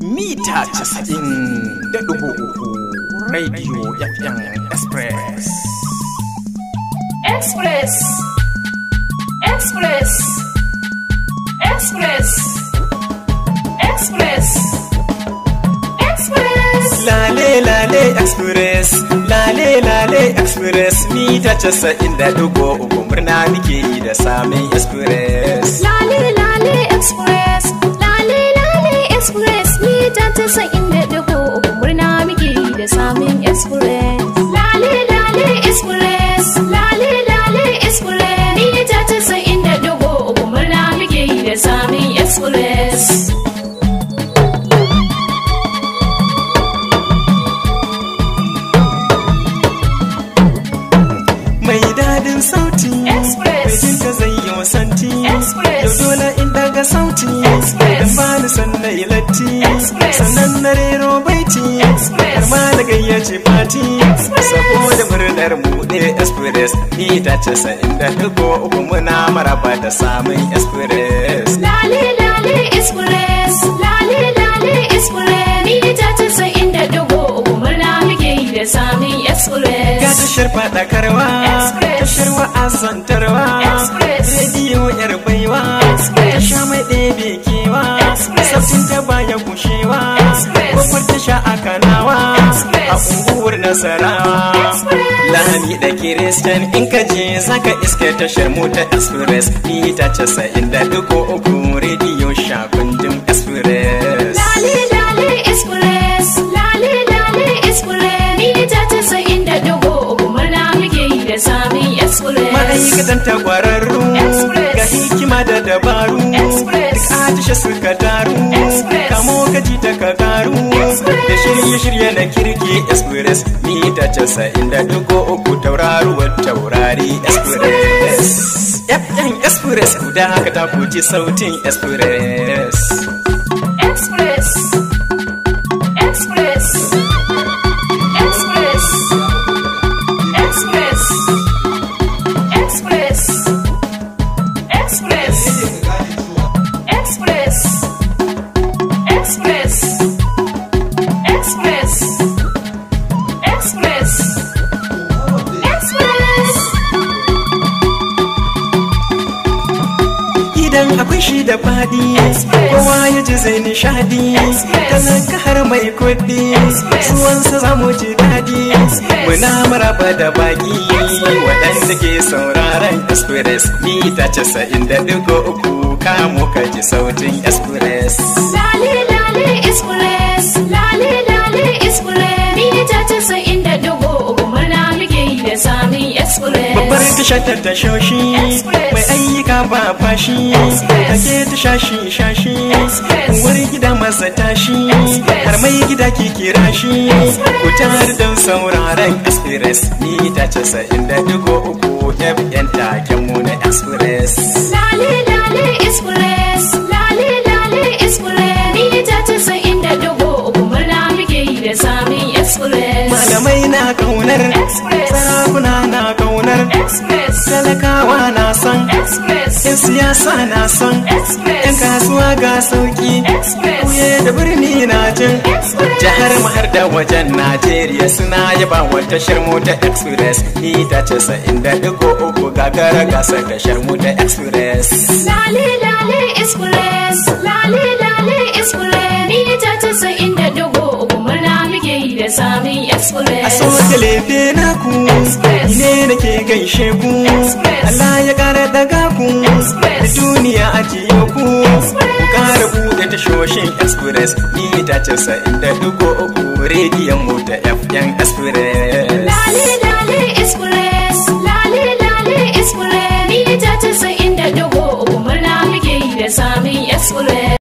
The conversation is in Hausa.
mita casa'in da dubu uku radio fm express express express express express express lale lale express lale lale express mita casa'in da dubu uku murna muke yi da samun express lale lale express express ni ta sa'in da dubu uku murna muke da samun express lale lale express ni sanda latti sannan na rero baiti har ma da gayyace fati saboda murnar ne express ni ta ce sa'in da dugo uku muna maraba da samun express lale lale express lale lale express ni ta ce sa'in da dugo uku muna muke yi da samun express ga tashar faɗakarwa tashar wa'azantarwa express ya baya gushewa kwakwar sha a kanawa a unguwar nasarawa lahani da kiristan in ka je zaka iske tashar mota express ta ce sa'in da duko uku rediyo sha kundin express Ma'aikatan ta kwararru ga hikima da dabaru tashe suka taru kamo ka ji ta ka karu da shirye-shirye na kirki express ni ta casa'in da dugo uku tauraruwar taurari express fm express guda ka ta kuci sautin express express. akwai shi da fadi kowa ya ji zai nishadi talaka har mai kuɗi suwansa za mu ji daɗi muna maraba da baki waɗanda ke sauraron express ni ta ce sa'in da digo uku kamo ka ji sautin express Lali lali express Lali lali express shatar ta shoshi mai ayyuka ba fashi take ta shashi shashi wani gida masa tashi har mai gida ke kira shi ku tare don sauraren express ni ta ce sa'in da duk uku fm taken mu na express lale lale express lale lale express ni ta uku muke yi da sami express malamai na kaunar express suna na kaunar talakawa na son yan siyasa na son yan kasuwa ga sauki kuye da birni na jin jihar mahar da wajen Najeriya suna yaba wata tashar mota express ni ta ce sa da ɗigo uku gagara gasar tashar mota express. Lale lale express. sami express. A so da na ku, ne ke gaishe ku, Allah ya kara daga ku, da duniya a jiyo ku. Kara buɗe tashoshin express, ni ta ce sa'in da dugo uku rediyon mota FM express.